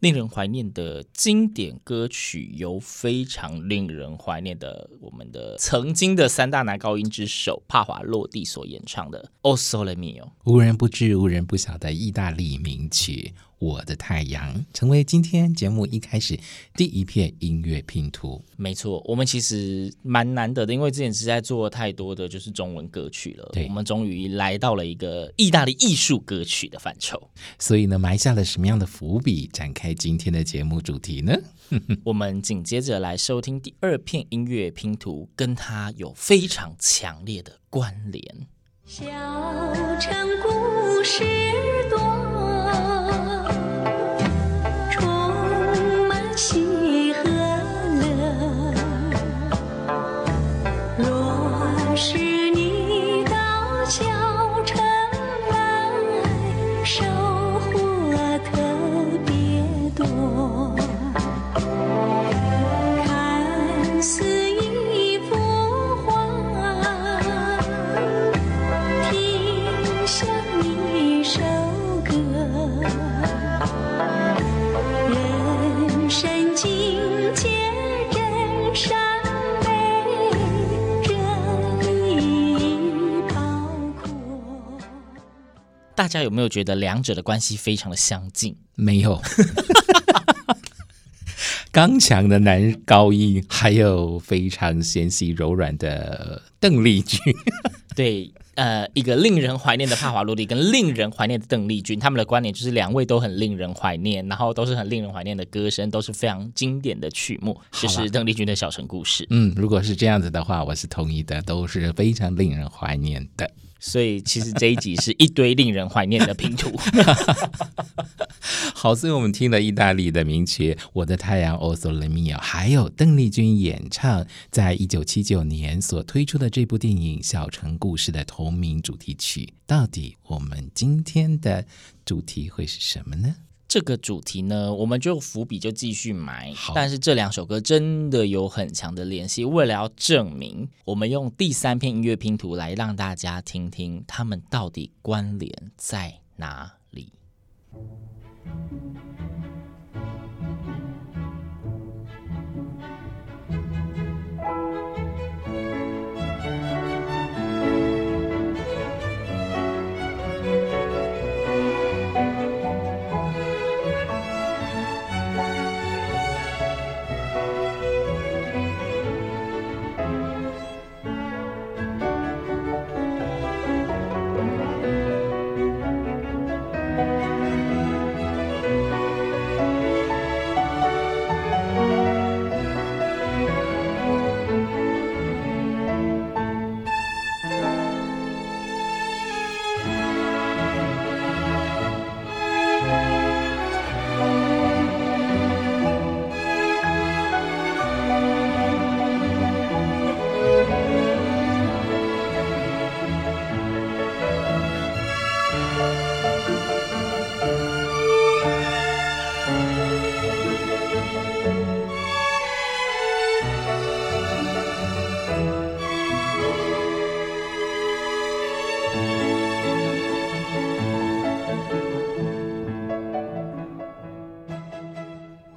令人懷念的經典歌曲，由非常令人懷念的我們的曾經的三大男高音之首帕瓦羅蒂所演唱的《O Sole Mio》，無人不知，無人不曉的意大利名曲。我的太陽成為今天節目一開始第一片音樂拼圖。沒錯，我們其實蠻難得的，因為之前實在做太多的就是中文歌曲了。對我們終於來到了一個意大利藝術歌曲的範疇。所以呢，埋下了什麼樣的伏筆，展開今天的節目主題呢？ 我們緊接着來收聽第二片音樂拼圖，跟它有非常強烈的關聯。小城故事多。他有沒有覺得兩者的關係非常的相近？沒有， 剛強的男高音，還有非常纖細柔軟的鄧麗君。 對，呃，一個令人懷念的帕華洛蒂，跟令人懷念的鄧麗君，他們的共通點就是兩位都很令人懷念，然後都是很令人懷念的歌聲，都是非常經典的曲目，這是鄧麗君的小城故事。嗯，如果是這樣子的話，我是同意的，都是非常令人懷念的。所以，其實這一集是一堆令人懷念的拼圖。 好，所以我們聽了意大利的名曲《我的太陽哦 Sole Mio》，還有鄧麗君演唱在一九七九年所推出的這部電影《小城故事》的同名主題曲。到底我們今天的主題會是什麼呢？這個主題呢，我們就伏筆就繼續埋。好但是這兩首歌真的有很強的聯繫，為了要證明，我們用第三片音樂拼圖來讓大家聽聽，他們到底關聯在哪裡。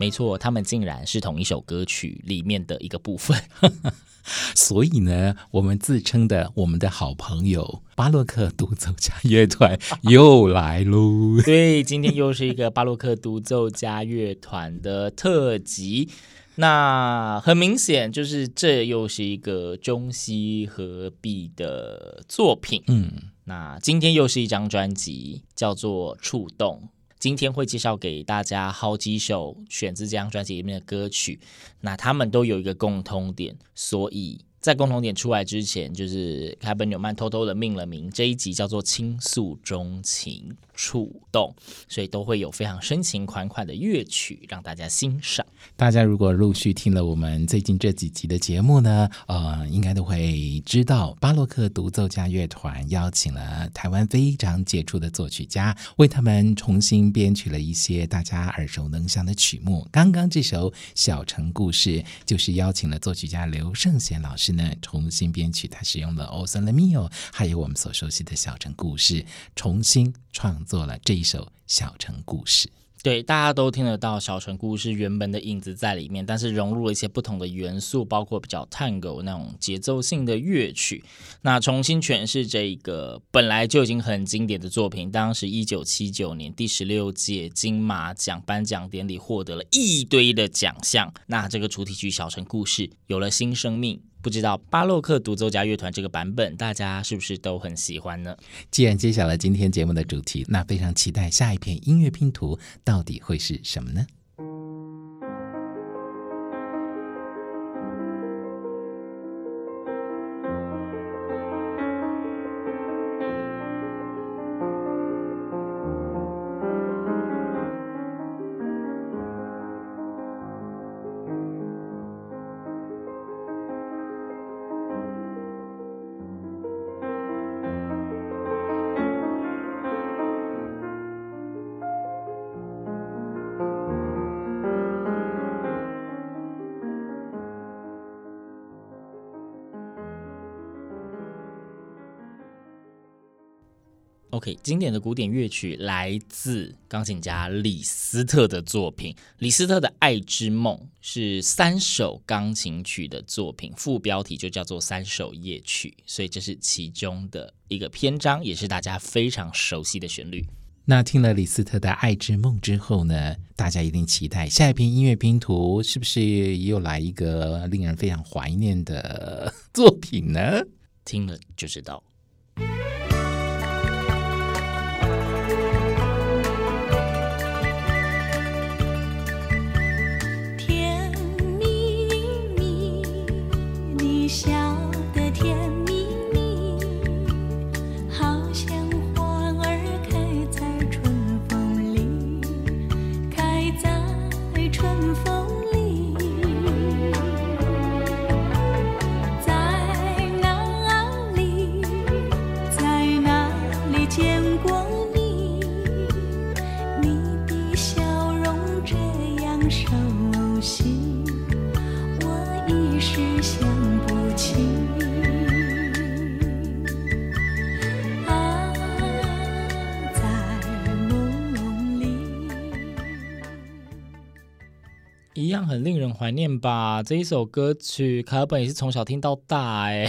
沒錯，他們竟然是同一首歌曲裡面的一個部分。 所以呢，我們自稱的我們的好朋友巴洛克獨奏家樂團又來嘍。 對，今天又是一個巴洛克獨奏家樂團的特輯。那很明顯，就是這又是一個中西合璧的作品。嗯，那今天又是一張專輯，叫做《觸動》。今天會介紹給大家好幾首選自這張專輯裡面的歌曲，那他們都有一個共通點，所以在共同點出來之前，就是楷爾本紐曼偷偷的命了名，這一集叫做輕訴衷情。觸動，所以都會有非常深情款款的樂曲讓大家欣賞。大家如果陸續聽了我們最近這幾集的節目呢，呃，應該都會知道巴洛克獨奏家樂團邀請了台灣非常傑出的作曲家，為他們重新編曲了一些大家耳熟能詳的曲目。剛剛這首《小城故事》就是邀請了作曲家劉勝賢老師呢，重新編曲，他使用了《O Sole Mio》，還有我們所熟悉的《小城故事》重新。創作了這一首《小城故事》。對，對大家都聽得到《小城故事》原本的影子在裡面，但是融入了一些不同的元素，包括比較探戈那種節奏性的樂曲，那重新詮釋這個本來就已經很經典的作品。當時1979年第十六屆金馬獎頒獎典禮獲得了一堆的獎項，那這個主題曲《小城故事》有了新生命。不知道巴洛克獨奏家樂團這個版本，大家是不是都很喜歡呢？既然揭曉了今天節目的主題，那非常期待下一片音樂拼圖到底會是什麼呢？經典的古典樂曲來自鋼琴家李斯特的作品，李斯特的《愛之夢》是三首鋼琴曲的作品，副標題就叫做《三首夜曲》，所以這是其中的一個篇章，也是大家非常熟悉的旋律。那聽了李斯特的《愛之夢》之後呢，大家一定期待，下一篇音樂拼圖是不是又來一個令人非常懷念的作品呢？聽了就知道。聽不清，啊，在夢裡，一樣很令人懷念吧。這一首歌曲，楷爾本也是從小聽到大哎。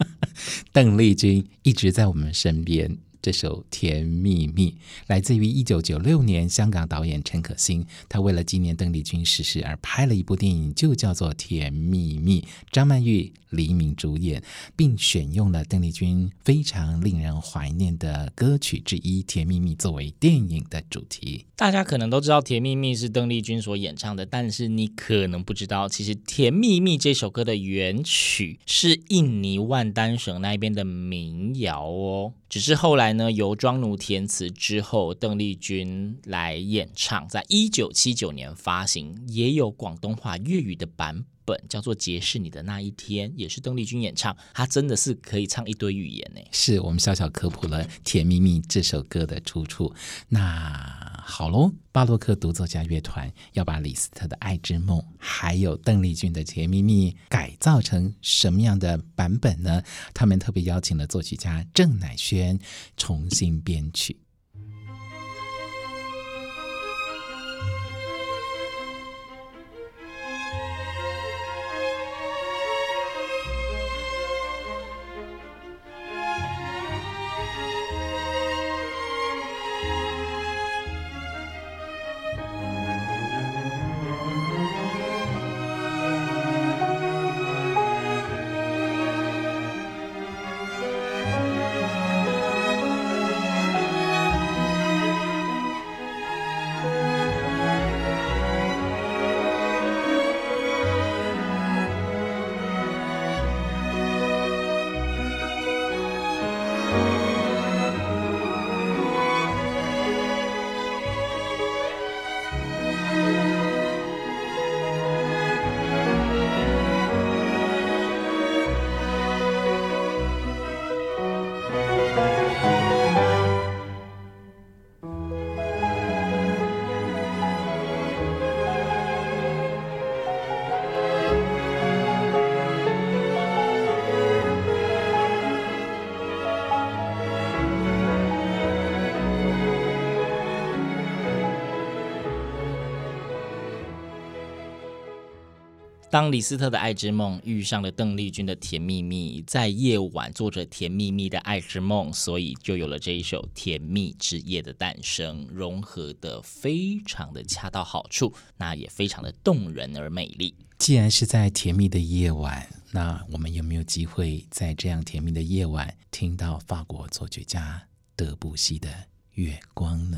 鄧麗君一直在我們身邊。這首《甜蜜蜜》來自於1996年香港導演陳可辛，他為了紀念鄧麗君逝世而拍了一部電影，就叫做《甜蜜蜜》，張曼玉、黎明主演，並選用了鄧麗君非常令人懷念的歌曲之一《甜蜜蜜》作為電影的主題。大家可能都知道《甜蜜蜜》是鄧麗君所演唱的，但是你可能不知道，其實《甜蜜蜜》這首歌的原曲是印尼萬丹省那邊的民謠哦，只是後來。呢，由莊奴填詞之後，鄧麗君來演唱，在一九七九年發行，也有廣東話、粵語的版本。本叫做《結識你的那一天》，也是鄧麗君演唱，她真的是可以唱一堆語言呢。是我們小小科普了《甜蜜蜜》這首歌的出處。那好嘍，巴洛克獨奏家樂團要把李斯特的《愛之夢》還有鄧麗君的《甜蜜蜜》改造成什麼樣的版本呢？他們特別邀請了作曲家鄭乃宣重新編曲。當李斯特的《愛之夢》遇上了鄧麗君的《甜蜜蜜》，在夜晚做着甜蜜蜜的愛之夢，所以就有了這一首《甜蜜之夜》的誕生，融合得非常的恰到好處，那也非常的動人而美麗。既然是在甜蜜的夜晚，那我們有沒有機會在這樣甜蜜的夜晚聽到法國作曲家德布西的《月光》呢？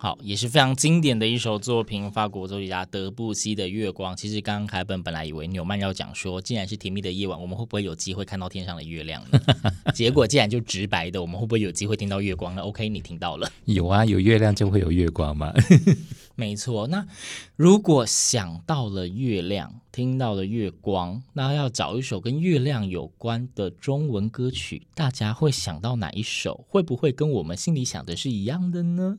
好，也是非常經典的一首作品，法國作曲家德布西的《月光》。其實剛剛楷爾本本來以為紐曼要講說，既然是甜蜜的夜晚，我們會不會有機會看到天上的月亮呢？ 結果竟然就直白的，我們會不會有機會聽到月光呢？OK，你聽到了？有啊，有月亮就會有月光嘛。 沒錯。那如果想到了月亮，聽到了月光，那要找一首跟月亮有關的中文歌曲，大家會想到哪一首？會不會跟我們心裡想的是一樣的呢？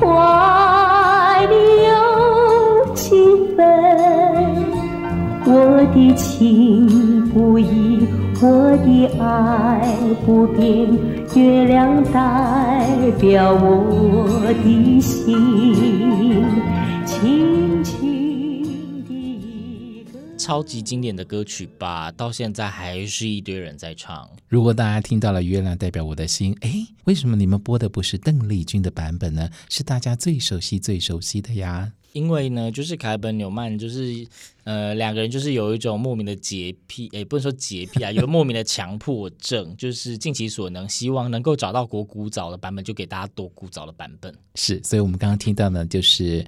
我愛你有幾分？我的情不移，我的愛不變，月亮代表我的心。超級經典的歌曲吧，到現在還是一堆人在唱。如果大家聽到了《月亮代表我的心》，哎，為什麼你們播的不是鄧麗君的版本呢？是大家最熟悉、最熟悉的呀。因為呢，就是楷爾本紐曼，就是呃，兩個人就是有一種莫名的潔癖，哎，不能說潔癖啊，有莫名的強迫症， 就是盡其所能，希望能夠找到國古早的版本，就給大家多古早的版本。是，所以我們剛剛聽到呢，就是《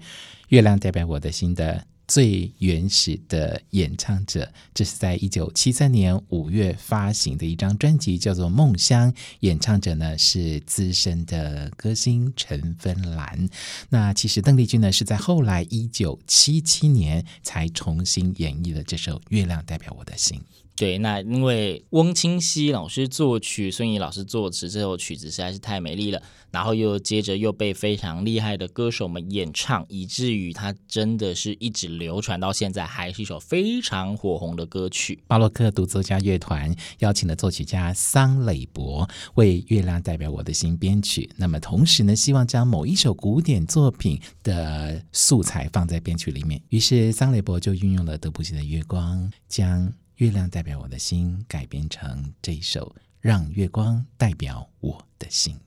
月亮代表我的心》的。最原始的演唱者，這是在一九七三年五月發行的一張專輯，叫做《夢鄉》，演唱者呢是資深的歌星陳芬蘭。那其實鄧麗君呢是在後來一九七七年才重新演繹了這首《月亮代表我的心》。對，那因為翁清溪老師作曲，孫儀老師作詞，這首曲子實在是太美麗了。然後又接着又被非常厲害的歌手們演唱，以至於它真的是一直流傳到現在，還是一首非常火紅的歌曲。巴洛克獨奏家樂團邀請了作曲家桑雷博為《月亮代表我的心》編曲。那麼同時呢，希望將某一首古典作品的素材放在編曲裡面。於是桑雷博就運用了德布西的《月光》，將月亮代表我的心改編成這一首，讓月光代表我的心。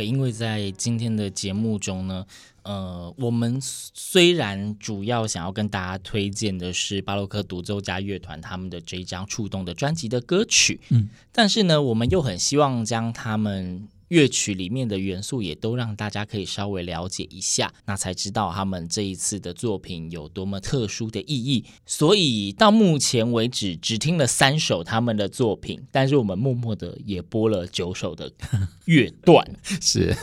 因為在今天的節目中呢，呃，我們雖然主要想要跟大家推薦的是巴洛克獨奏家樂團他們的這一張觸動的專輯的歌曲，嗯，但是呢，我們又很希望將他們。樂曲裡面的元素也都讓大家可以稍微了解一下，那才知道他們這一次的作品有多麼特殊的意義。所以到目前為止，只聽了三首他們的作品，但是我們默默的也播了九首的樂段。 是，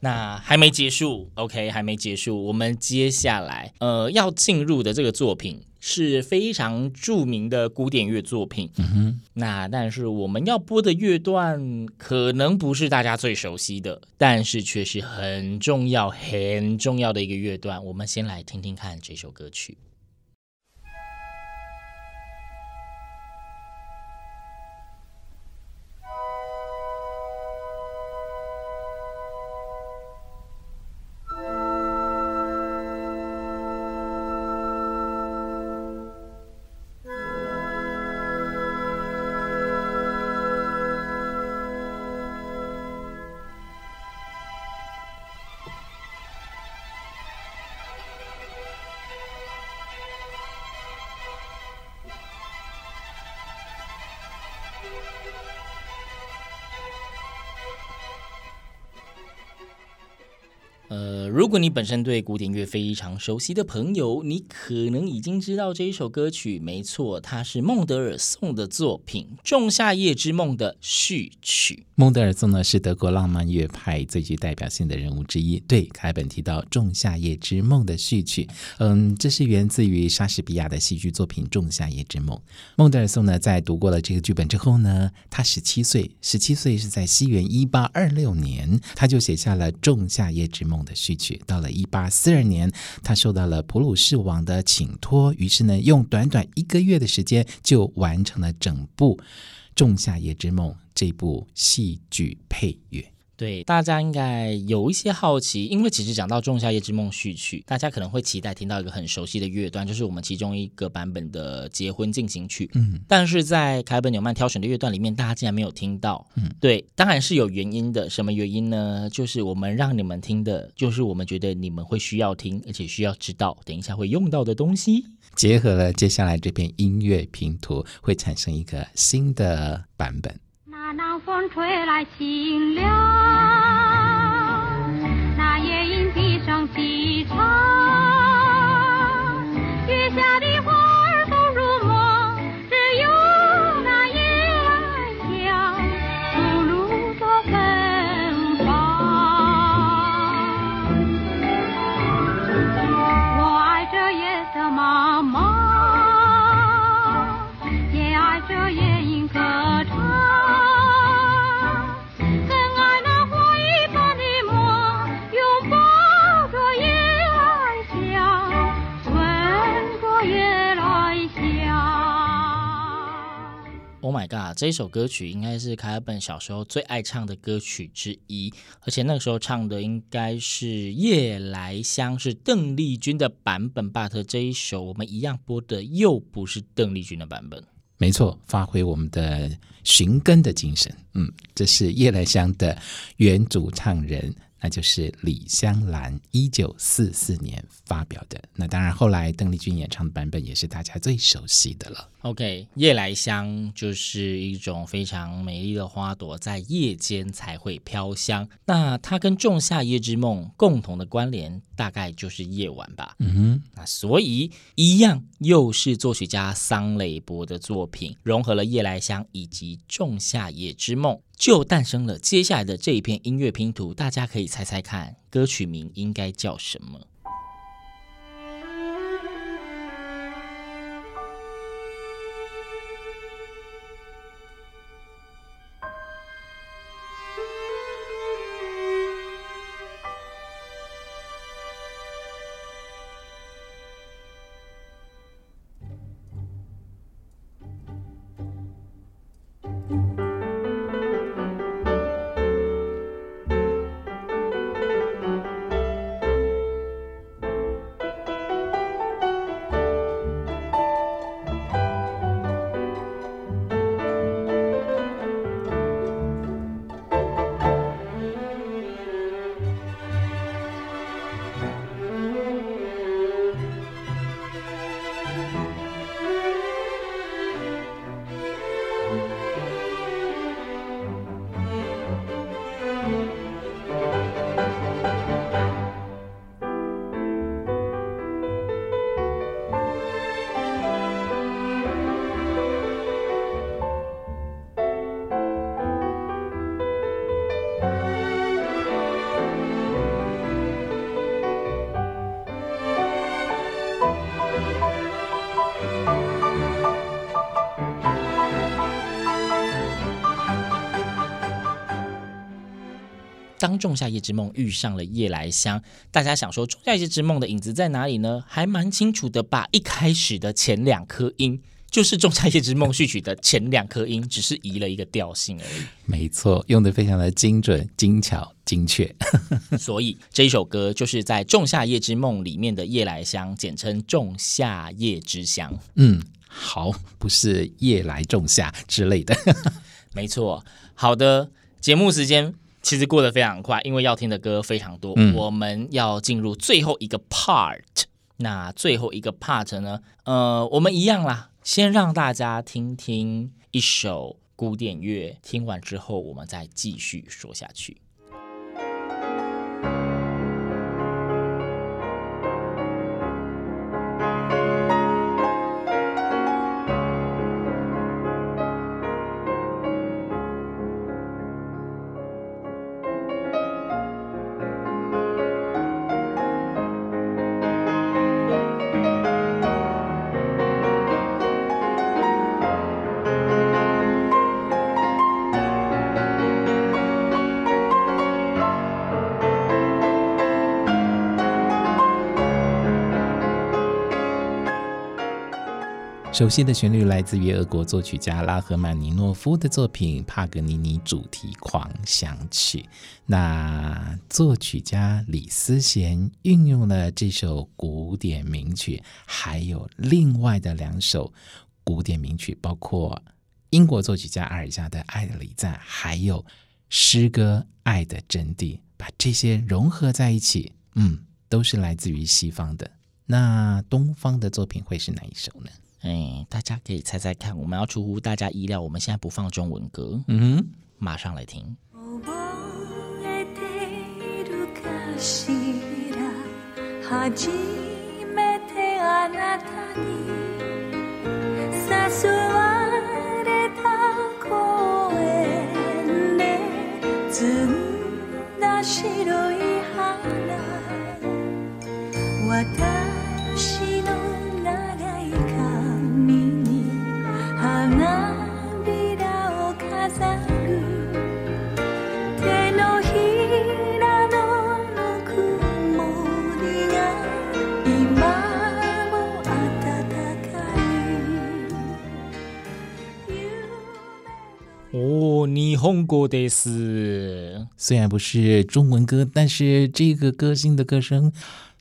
那還沒結束，OK，還沒結束。我們接下來呃要進入的這個作品。是非常著名的古典樂作品，嗯哼，那但是我們要播的樂段可能不是大家最熟悉的，但是卻是很重要很重要的一個樂段。我們先來聽聽看這首歌曲。如果你本身對古典樂非常熟悉的朋友，你可能已經知道這一首歌曲。沒錯，它是孟德爾頌的作品《仲夏夜之夢》的序曲。孟德爾頌呢是德國浪漫樂派最具代表性的人物之一。對，楷爾本提到《仲夏夜之夢》的序曲，嗯，這是源自於莎士比亞的戲劇作品《仲夏夜之夢》。孟德爾頌呢，在讀過了這個劇本之後呢，他十七歲，十七歲是在西元一八二六年，他就寫下了《仲夏夜之夢》的序曲。到了一八四二年，他受到了普魯士王的請托，於是呢，用短短一個月的時間就完成了整部《仲夏夜之夢》這部戲劇配樂。對，大家應該有一些好奇，因為其實講到《仲夏夜之夢》序曲，大家可能會期待聽到一個很熟悉的樂段，就是我們其中一個版本的結婚進行曲。嗯，但是在楷爾本紐曼挑選的樂段裡面，大家竟然沒有聽到。嗯，對，當然是有原因的。什麼原因呢？就是我們讓你們聽的，就是我們覺得你們會需要聽，而且需要知道，等一下會用到的東西，結合了接下來這篇音樂拼圖，會產生一個新的版本。那南風吹來，清涼。這一首歌曲應該是楷爾本小時候最愛唱的歌曲之一，而且那個時候唱的應該是《夜來香》是鄧麗君的版本。but 這一首我們一樣播的又不是鄧麗君的版本，沒錯，發揮我們的尋根的精神，嗯，這是《夜來香》的原主唱人。那就是李香蘭一九四四年發表的，那當然後來鄧麗君演唱的版本也是大家最熟悉的了。OK，夜來香就是一種非常美麗的花朵，在夜間才會飄香。那它跟仲夏夜之夢共同的關聯。大概就是夜晚吧，嗯哼，那所以一樣又是作曲家桑磊博的作品，融合了《夜來香》以及《仲夏夜之夢》，就誕生了接下來的這一篇音樂拼圖。大家可以猜猜看，歌曲名應該叫什麼？仲夏夜之夢遇上了夜來香，大家想說仲夏夜之夢的影子在哪裡呢？還蠻清楚的，把一開始的前兩顆音，就是仲夏夜之夢序曲的前兩顆音，只是移了一個調性而已。沒錯，用的非常的精準、精巧、精確。 所以這一首歌就是在仲夏夜之夢裡面的夜來香，簡稱仲夏夜之香。嗯，好，不是夜來仲夏之類的。 沒錯，好的，節目時間。其實過得非常快，因為要聽的歌非常多。嗯。我們要進入最後一個 part，那最後一個 part 呢？呃，我們一樣啦，先讓大家聽聽一首古典樂，聽完之後我們再繼續說下去。熟悉的旋律來自於俄國作曲家拉赫曼尼諾夫的作品《帕格尼尼主題狂想曲》那。那作曲家李思賢運用了這首古典名曲，還有另外的兩首古典名曲，包括英國作曲家阿爾加的《愛的禮讚》，還有詩歌《愛的真諦》。把這些融合在一起，嗯，都是來自於西方的。那東方的作品會是哪一首呢？嗯，大家可以猜猜看，我們要出乎大家意料，我們現在不放中文歌，嗯哼，馬上來聽。紅歌的是，雖然不是中文歌，但是這個歌星的歌聲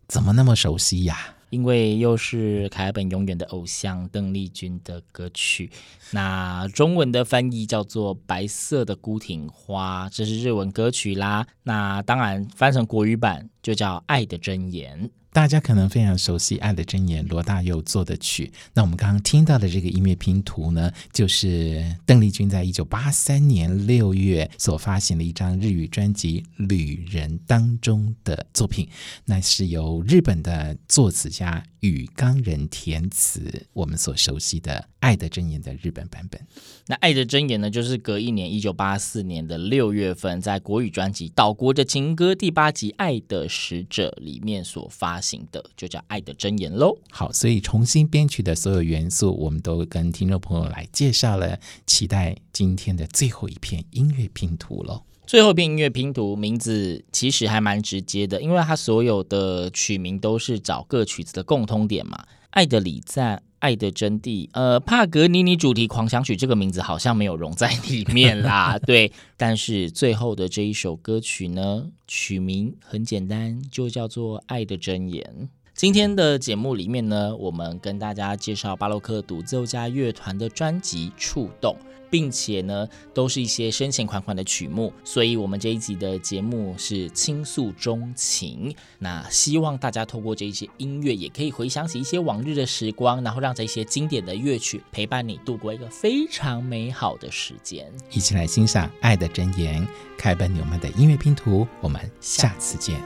怎麼那麼熟悉呀、啊？因為又是楷爾本永遠的偶像鄧麗君的歌曲，那中文的翻譯叫做《白色的孤挺花》，這是日文歌曲啦。那當然翻成國語版就叫《愛的箴言》。大家可能非常熟悉《愛的箴言》，羅大佑作的曲。那我們剛剛聽到的這個音樂拼圖呢，就是鄧麗君在1983年6月所發行的一張日語專輯《旅人》當中的作品。那是由日本的作詞家。與岡人填詞，我們所熟悉的《愛的箴言》的日本版本。那《愛的箴言》呢，就是隔一年，一九八四年的六月份，在國語專輯《島國的情歌》第八集《愛的使者》裡面所發行的，就叫《愛的箴言》嘍。好，所以重新編曲的所有元素，我們都跟聽眾朋友來介紹了，期待今天的最後一片音樂拼圖嘍。最後一片音樂拼圖名字其實還蠻直接的，因為它所有的曲名都是找各曲子的共通點嘛。愛的禮讚、愛的真諦、呃帕格尼尼主題狂想曲這個名字好像沒有融在裡面啦。 對，但是最後的這一首歌曲呢，曲名很簡單，就叫做愛的真言。今天的節目裡面呢，我們跟大家介紹巴洛克獨奏家樂團的專輯《觸動》，並且呢，都是一些深情款款的曲目，所以，我們這一集的節目是輕訴衷情。那希望大家透過這些音樂，也可以回想起一些往日的時光，然後讓這些經典的樂曲陪伴你度過一個非常美好的時間。一起來欣賞《愛的箴言》楷爾本紐曼的音樂拼圖。我們下次見。